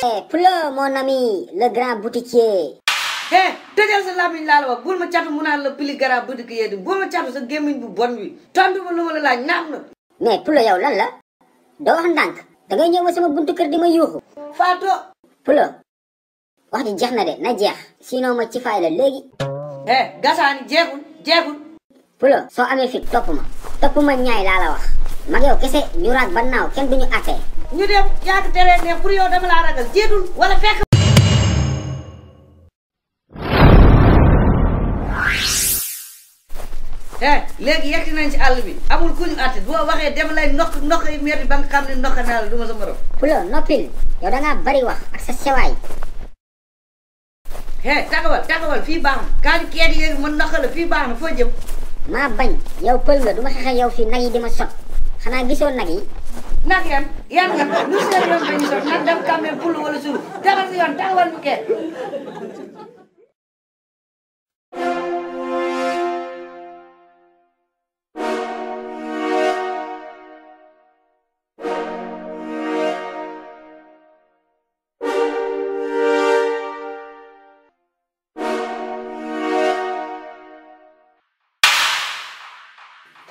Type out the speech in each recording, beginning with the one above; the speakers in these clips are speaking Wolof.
Eh, pulo mon ami le grand boutiquier. eh tëjal sa làmmiñ laa wax bul ma catu mu naan la pili garab boutiquier di bul ma catu sa gémmiñ bu bon wi tontu ma lu ma la laaj naam na. mais Pulo yow lan la doo wax ndànk da ngay ñëw ba sama buntu kër di ma yuuxu. Fatou. Pulo wax ji jeex na de na jeex sinon ma ci faay la léegi. eh gasaani jeexul jeexul. Pulo soo amee fit topp ma topp ma ñaay laa wax mag yow kese ñu raag ba kenn duñu àttee. ñu dem yàgg te leen ne pour yow dama laa ragal jéedul wala fekk. eh léegi yegg nañ ci àll bi amul ku ñu boo waxee dem lay ndox ndox yi metti ba nga xam ne ndox naa la du ma sa morom. Pulo noppil yow da bari wax ak sa sewaay. eh taxawal taxawal fii baax na kañ keet yeeg ma ndox la fii baax na foo jëm. maa bañ yow pël nga du ma xeex yow fii nag yi di ma sot xanaa gisoo nag yi. nag yan nga lu seen yoon ba kami sol wala suuf demal si bahna, so mu kee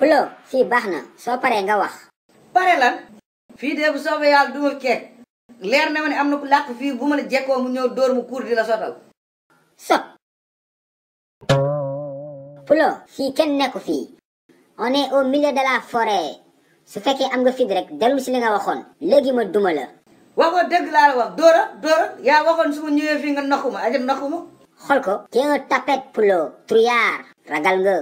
Pulo, nga wax. Pare lan. fii de bu soobee yàlla duma keek leer na ma ne am na bu làq fii bu ma la jekkoo mu ñëw dóor mu kuur di la sotal sot pulo fii kenn nekku fii on est au milieu de la forêt su fekkee am nga fit rek dellu si li nga waxoon léegi ma duma la waxoo dëgg laa la wax dóora dóora yaa waxoon su ma ñëwee fii nga naxuma ajam naxuma xool ko kii nga tapet pulo trouillard ragal nga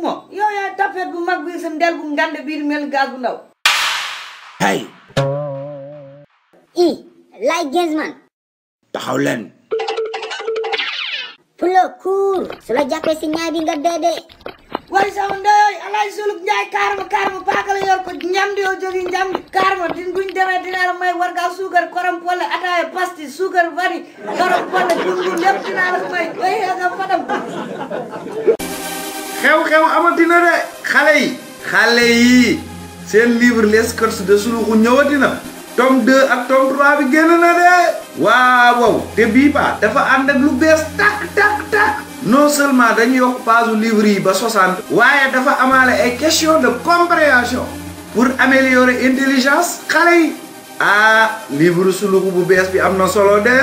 moom yow yaa tapet bu mag bi sam del bu ngande biir mel gaz bu ndaw Hey! E. Like Gensman. Tahulen. Pulau kur, sulah jakwe sinyai binga dede. Wai saundai, alai suluk nyai karma karma pakal yor ko nyamdi di jogi nyamdi karma din guñ di dalam may warga sugar koram pole ada ya pasti sugar vari koram pola din gun lepp dinar may way aga fadam. padam. Kau kau amat dinare, yi xale seen livre les courses de suluxu ñëwati na tome 2 ak tome 3 bi génn na de waaw waaw bii ba dafa ànd ak lu bees tak tak tak non seulement dañu yokk paasu livre yi ba 60 waaye dafa amaale ay question de compréhension pour améliorer intelligence xale yi ah livre suluxu bu bees bi am na solo de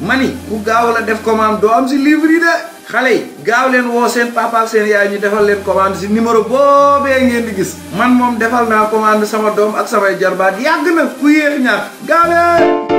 mani ku gaaw la def commande doo am si livre yi de xale yi gaaw leen woo seen papa seen yaay ñu defal leen commande si numéro boobee ngeen di gis man moom defal naa commande sama doom ak samay jarbaat yàgg na ku yéex ñaar gaaw leen